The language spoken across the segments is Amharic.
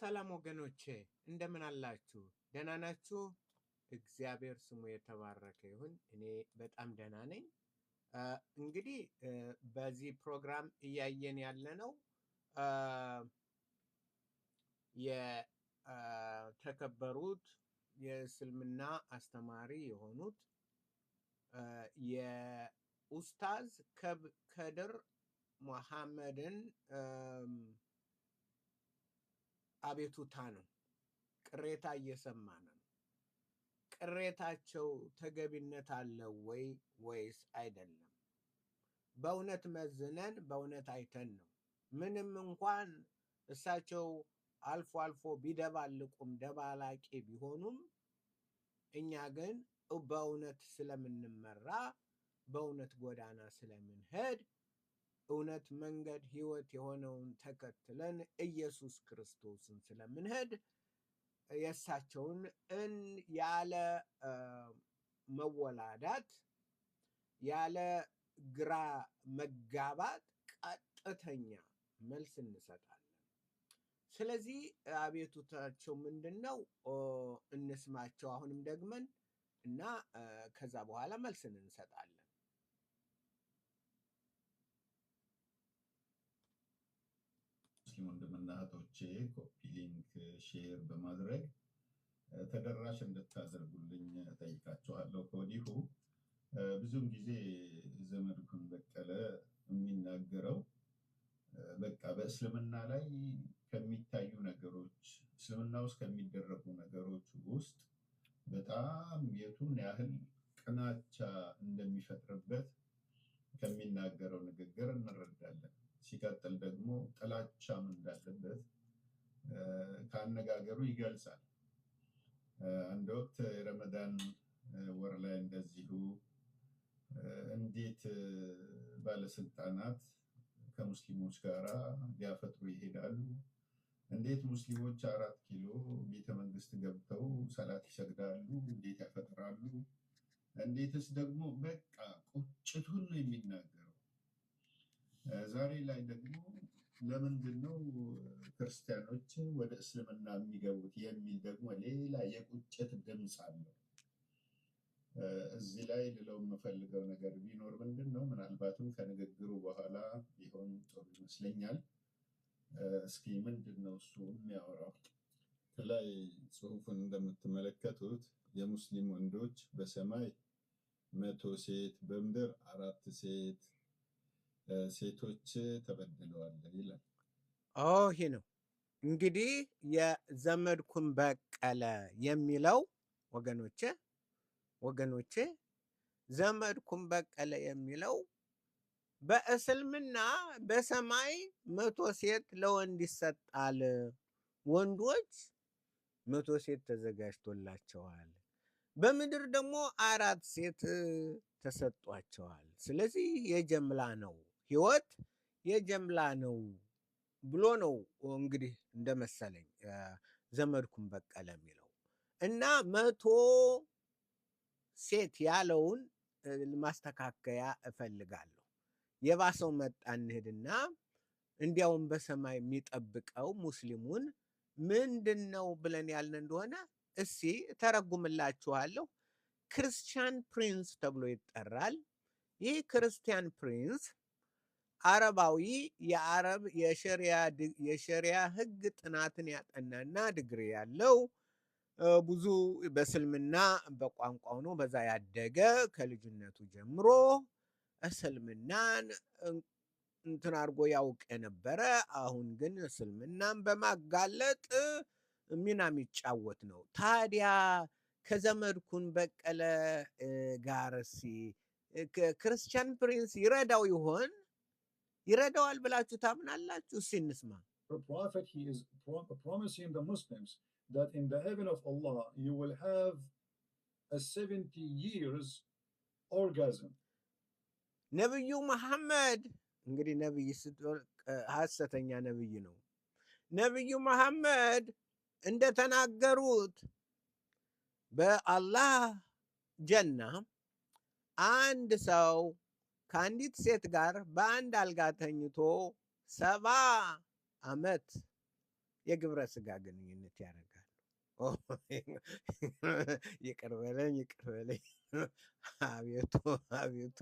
ሰላም ወገኖቼ እንደምን አላችሁ? ደህና ናችሁ? እግዚአብሔር ስሙ የተባረከ ይሁን። እኔ በጣም ደህና ነኝ። እንግዲህ በዚህ ፕሮግራም እያየን ያለነው የተከበሩት የእስልምና አስተማሪ የሆኑት የኡስታዝ ከድር መሐመድን አቤቱታ ነው። ቅሬታ እየሰማን ነው። ቅሬታቸው ተገቢነት አለው ወይ ወይስ አይደለም? በእውነት መዝነን በእውነት አይተን ነው። ምንም እንኳን እሳቸው አልፎ አልፎ ቢደባልቁም ደባላቂ ቢሆኑም እኛ ግን በእውነት ስለምንመራ በእውነት ጎዳና ስለምንሄድ እውነት፣ መንገድ፣ ህይወት የሆነውን ተከትለን ኢየሱስ ክርስቶስን ስለምንሄድ የእሳቸውን እን ያለ መወላዳት ያለ ግራ መጋባት ቀጥተኛ መልስ እንሰጣለን። ስለዚህ አቤቱታቸው ምንድን ነው? እንስማቸው አሁንም ደግመን እና ከዛ በኋላ መልስ እንሰጣለን። ሙስሊም ወንድምና እህቶቼ ኮፒ ሊንክ ሼር በማድረግ ተደራሽ እንድታደርጉልኝ ጠይቃችኋለሁ ከወዲሁ። ብዙውን ጊዜ ዘመድኩን በቀለ የሚናገረው በቃ በእስልምና ላይ ከሚታዩ ነገሮች እስልምና ውስጥ ከሚደረጉ ነገሮች ውስጥ በጣም የቱን ያህል ቅናቻ እንደሚፈጥርበት ከሚናገረው ንግግር እንረዳለን። ሲቀጥል ደግሞ ጥላቻም እንዳለበት ከአነጋገሩ ይገልጻል። አንድ ወቅት የረመዳን ወር ላይ እንደዚሁ እንዴት ባለስልጣናት ከሙስሊሞች ጋር ሊያፈጥሩ ይሄዳሉ? እንዴት ሙስሊሞች አራት ኪሎ ቤተመንግስት ገብተው ሰላት ይሰግዳሉ? እንዴት ያፈጥራሉ? እንዴትስ ደግሞ በቃ ቁጭቱን ነው የሚናገር ዛሬ ላይ ደግሞ ለምንድን ነው ክርስቲያኖች ወደ እስልምና የሚገቡት የሚል ደግሞ ሌላ የቁጭት ድምፅ አለው። እዚህ ላይ ልለው የምፈልገው ነገር ቢኖር ምንድን ነው፣ ምናልባትም ከንግግሩ በኋላ ቢሆን ጥሩ ይመስለኛል። እስኪ ምንድን ነው እሱ የሚያወራው? ከላይ ጽሑፉን እንደምትመለከቱት የሙስሊም ወንዶች በሰማይ መቶ ሴት በምድር አራት ሴት ሴቶች ተበድለዋል ይላል። ይሄ ነው እንግዲህ የዘመድኩን በቀለ የሚለው ወገኖቼ ወገኖቼ ዘመድኩን በቀለ የሚለው በእስልምና በሰማይ መቶ ሴት ለወንድ ይሰጣል። ወንዶች መቶ ሴት ተዘጋጅቶላቸዋል። በምድር ደግሞ አራት ሴት ተሰጧቸዋል። ስለዚህ የጀምላ ነው። ህይወት የጀምላ ነው ብሎ ነው እንግዲህ እንደመሰለኝ ዘመድኩን በቀለ የሚለው እና መቶ ሴት ያለውን ማስተካከያ እፈልጋለሁ። የባሰው መጣ እንሂድና እንዲያውም በሰማይ የሚጠብቀው ሙስሊሙን ምንድን ነው ብለን ያልን እንደሆነ እሲ ተረጉምላችኋለሁ። ክርስቲያን ፕሪንስ ተብሎ ይጠራል። ይህ ክርስቲያን ፕሪንስ አረባዊ የአረብ የሸሪያ ህግ ጥናትን ያጠናና ድግሪ ያለው ብዙ በእስልምና በቋንቋው ነው በዛ ያደገ ከልጅነቱ ጀምሮ እስልምናን እንትን አድርጎ ያውቅ የነበረ አሁን ግን እስልምናን በማጋለጥ ሚና የሚጫወት ነው። ታዲያ ከዘመድኩን በቀለ ጋርሲ ክርስቲያን ፕሪንስ ይረዳው ይሆን? ይረዳዋል ብላችሁ ታምናላችሁ? እስኪ እንስማ። The prophet he is promising the Muslims that in the heaven of Allah you will have a 70 years orgasm. ነብዩ መሐመድ እንግዲህ ነብይ ሐሰተኛ ነብይ ነው። ነብዩ መሐመድ እንደተናገሩት በአላህ ጀና አንድ ሰው ከአንዲት ሴት ጋር በአንድ አልጋ ተኝቶ ሰባ ዓመት የግብረ ስጋ ግንኙነት ያደርጋሉ። ይቅር በለኝ ይቅር በለኝ። አቤቱ አቤቱ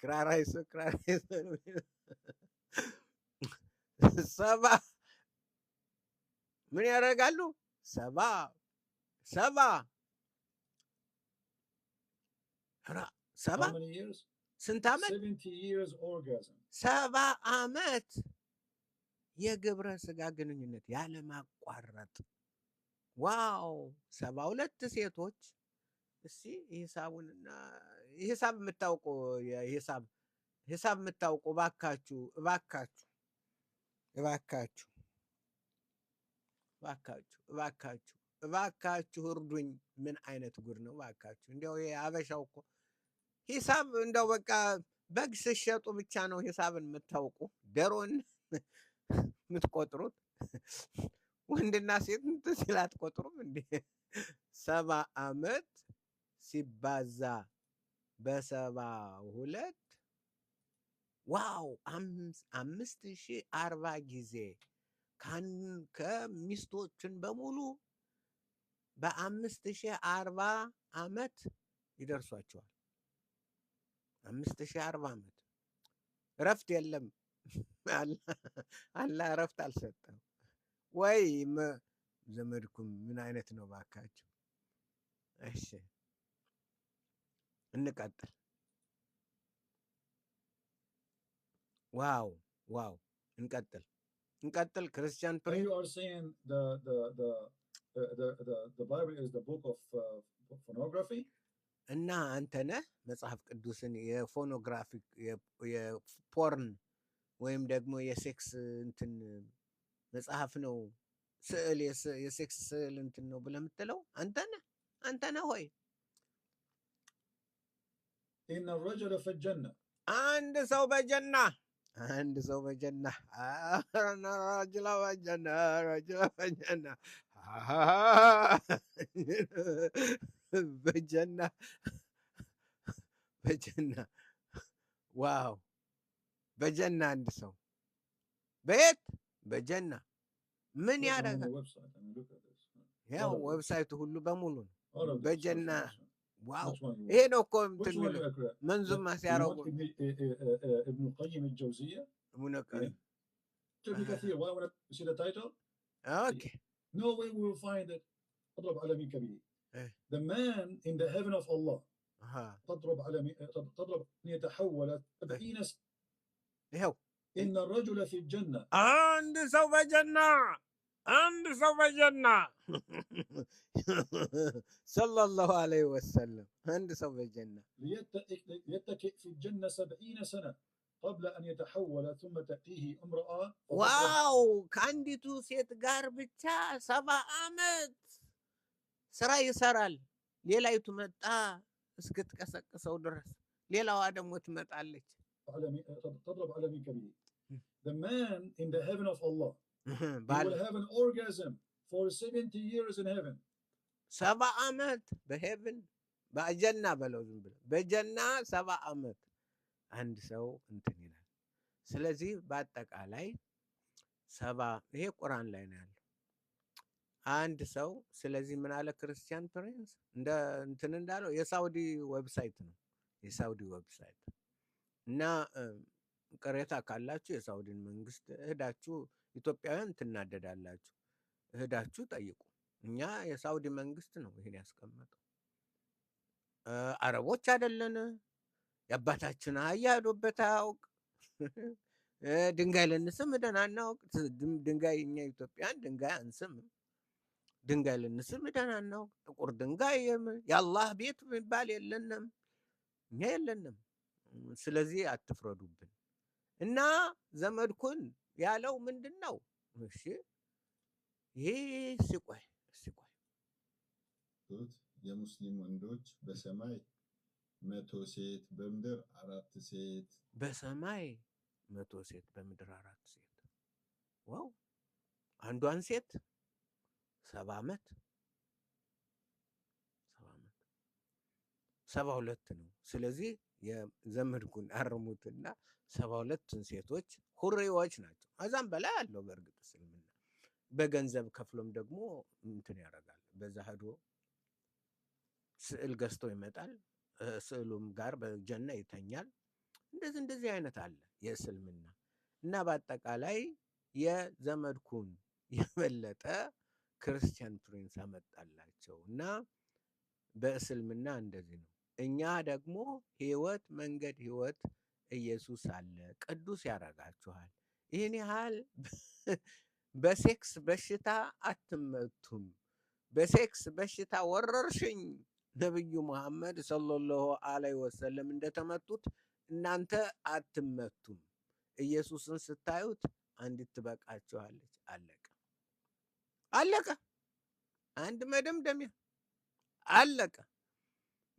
ክራራ ይዞ ክራራ ይዞ ሰባ ምን ያደርጋሉ? ሰባ ሰባ ሰባ ስንት ዓመት ሰባ ዓመት የግብረ ስጋ ግንኙነት ያለማቋረጥ ዋው ሰባ ሁለት ሴቶች እሲ ሂሳቡንና ሂሳብ የምታውቁ ሂሳብ ሂሳብ የምታውቁ እባካችሁ እባካችሁ እባካችሁ እባካችሁ እባካችሁ እባካችሁ እርዱኝ ምን አይነት ጉድ ነው እባካችሁ እንዲያው የአበሻው እኮ ሂሳብ እንደው በቃ በግ ስሸጡ ብቻ ነው ሂሳብን የምታውቁ ደሮን የምትቆጥሩት ወንድና ሴት እንትን ሲል አትቆጥሩም እንዴ? ሰባ አመት ሲባዛ በሰባ ሁለት ዋው አምስት ሺ አርባ ጊዜ ከሚስቶችን በሙሉ በአምስት ሺ አርባ አመት ይደርሷቸዋል። አምስት ሺህ አርባ ዓመት እረፍት የለም። አላህ እረፍት አልሰጠም ወይ? ዘመድኩም ምን አይነት ነው ባካችሁ? እሺ እንቀጥል። ዋው ዋው፣ እንቀጥል እንቀጥል። ክርስቲያን ፕሬ The, the, the, the, the Bible is the book of uh, pornography. እና አንተ መጽሐፍ ቅዱስን የፎኖግራፊክ የፖርን ወይም ደግሞ የሴክስ እንትን መጽሐፍ ነው ስዕል የሴክስ ስዕል እንትን ነው ብለህ የምትለው አንተ ነህ አንተ ሆይ ኢነ ረጀለ ፈጀና አንድ ሰው በጀና አንድ ሰው በጀና ረጅላ በጀና ረጅላ በጀና فجنة فجنة واو بجنة اندسون بيت በጀና ምን ያደረጋል? ያ ዌብሳይቱ ሁሉ በሙሉ ነው በጀና ዋው! ይሄ ነው እኮ እንትን የሚለው መንዙማ ሲያረጉ ኢብኑ ቀይም ጀውዚያ ኢብኑ ቀይም ኦኬ ኖ ዌይ ዊል ፋይንድ ኢት اضرب على من كبير إيه. The man in the heaven of Allah أها. تضرب على تضرب أن يتحول 70 إيه. سنة إيه إن الرجل في الجنة عند سوف جنة عند سوف جنة صلى الله عليه وسلم عند سوف جنة ليتكئ في الجنة سبعين سنة قبل أن يتحول ثم تأتيه امرأة واو كانديتو سيت غار بتاع سبع أمت ስራ ይሰራል። ሌላይቱ መጣ እስክትቀሰቅሰው ድረስ፣ ሌላዋ ደግሞ ትመጣለች። ሰባ ዓመት በሄብን በጀና በለው ዝም ብለው በጀና ሰባ ዓመት አንድ ሰው እንትን ይላል። ስለዚህ በአጠቃላይ ሰባ ይሄ ቁርአን ላይ ነው ያለ አንድ ሰው ስለዚህ ምን አለ ክርስቲያን ፕሪንስ እንደ እንትን እንዳለው የሳውዲ ዌብሳይት ነው የሳውዲ ዌብሳይት እና ቅሬታ ካላችሁ የሳውዲን መንግስት እህዳችሁ ኢትዮጵያውያን ትናደዳላችሁ እህዳችሁ ጠይቁ እኛ የሳውዲ መንግስት ነው ይህን ያስቀመጠው አረቦች አይደለን የአባታችን አህያ ሄዶበት አያውቅ ድንጋይ ልንስም ሄደን አናውቅ ድንጋይ እኛ ኢትዮጵያን ድንጋይ አንስም ድንጋይ ልንስም ደህና ነው። ጥቁር ድንጋይ የአላህ ቤት የሚባል የለንም፣ እኛ የለንም። ስለዚህ አትፍረዱብን እና ዘመድኩን ያለው ምንድን ነው? እሺ ይህ ሲቆይ ሲቆይ የሙስሊም ወንዶች በሰማይ መቶ ሴት በምድር አራት ሴት በሰማይ መቶ ሴት በምድር አራት ሴት ዋው አንዷን ሴት ሰባ ዓመት ሰባ ዓመት ሰባ ሁለት ነው። ስለዚህ የዘመድኩን አርሙትና ሰባ ሁለትን ሴቶች ሁሬዎች ናቸው። ከዛም በላይ አለው። በእርግጥ እስልምና በገንዘብ ከፍሎም ደግሞ እንትን ያደርጋል። በዛ ሄዶ ስዕል ገዝቶ ይመጣል። ስዕሉም ጋር በጀና ይተኛል። እንደዚህ እንደዚህ አይነት አለ የእስልምና እና በአጠቃላይ የዘመድኩን የበለጠ ክርስቲያን ፕሪንስ አመጣላቸው እና በእስልምና እንደዚህ ነው። እኛ ደግሞ ህይወት መንገድ ህይወት ኢየሱስ አለ ቅዱስ ያደርጋችኋል። ይህን ያህል በሴክስ በሽታ አትመቱም። በሴክስ በሽታ ወረርሽኝ ነቢዩ መሐመድ ሰለላሁ አለይሂ ወሰለም እንደተመቱት እናንተ አትመቱም። ኢየሱስን ስታዩት አንዲት ትበቃችኋለች አለ አለቀ። አንድ መደምደሚያ አለቀ።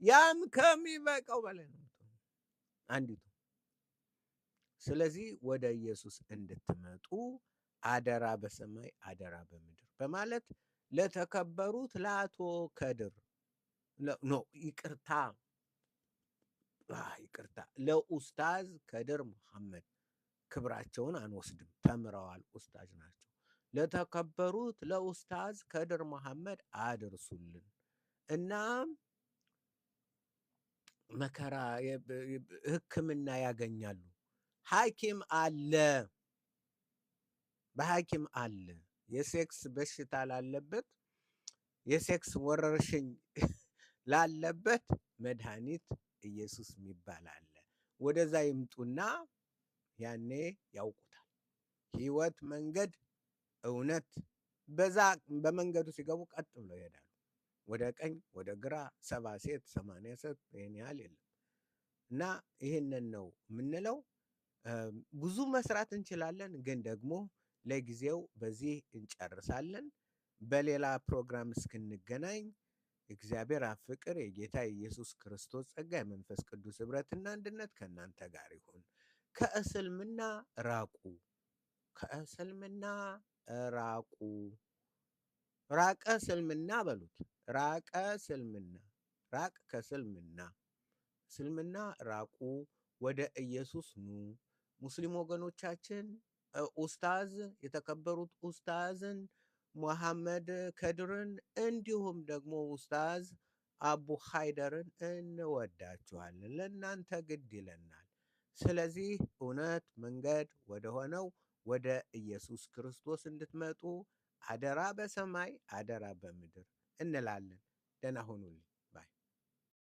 ያም ከሚበቃው በላይ ነው አንዲቱ። ስለዚህ ወደ ኢየሱስ እንድትመጡ አደራ በሰማይ አደራ በምድር በማለት ለተከበሩት ለአቶ ከድር ኖ ይቅርታ ይቅርታ ለኡስታዝ ከድር መሐመድ ክብራቸውን አንወስድም። ተምረዋል፣ ኡስታዝ ናቸው። ለተከበሩት ለኡስታዝ ከድር መሐመድ አድርሱልን። እናም መከራ ሕክምና ያገኛሉ። ሐኪም አለ፣ በሐኪም አለ። የሴክስ በሽታ ላለበት፣ የሴክስ ወረርሽኝ ላለበት መድኃኒት ኢየሱስ የሚባል አለ። ወደዛ ይምጡና ያኔ ያውቁታል። ህይወት መንገድ እውነት በዛ በመንገዱ ሲገቡ ቀጥ ብለው ይሄዳሉ። ወደ ቀኝ ወደ ግራ፣ ሰባ ሴት ሰማንያ ሴት ይህን ያህል የለም። እና ይህንን ነው የምንለው። ብዙ መስራት እንችላለን፣ ግን ደግሞ ለጊዜው በዚህ እንጨርሳለን። በሌላ ፕሮግራም እስክንገናኝ እግዚአብሔር አብ ፍቅር፣ የጌታ የኢየሱስ ክርስቶስ ጸጋ፣ የመንፈስ ቅዱስ ኅብረትና አንድነት ከእናንተ ጋር ይሁን። ከእስልምና ራቁ ከእስልምና ራቁ ራቀ ስልምና በሉት። ራቀ ስልምና ራቅ ከስልምና ስልምና ራቁ፣ ወደ ኢየሱስ ኑ። ሙስሊም ወገኖቻችን ኡስታዝ የተከበሩት ኡስታዝን ሙሐመድ ከድርን እንዲሁም ደግሞ ኡስታዝ አቡ ሀይደርን እንወዳችኋለን። ለእናንተ ግድ ይለናል። ስለዚህ እውነት መንገድ ወደሆነው ወደ ኢየሱስ ክርስቶስ እንድትመጡ አደራ በሰማይ አደራ በምድር እንላለን። ደህና ሆኑልኝ።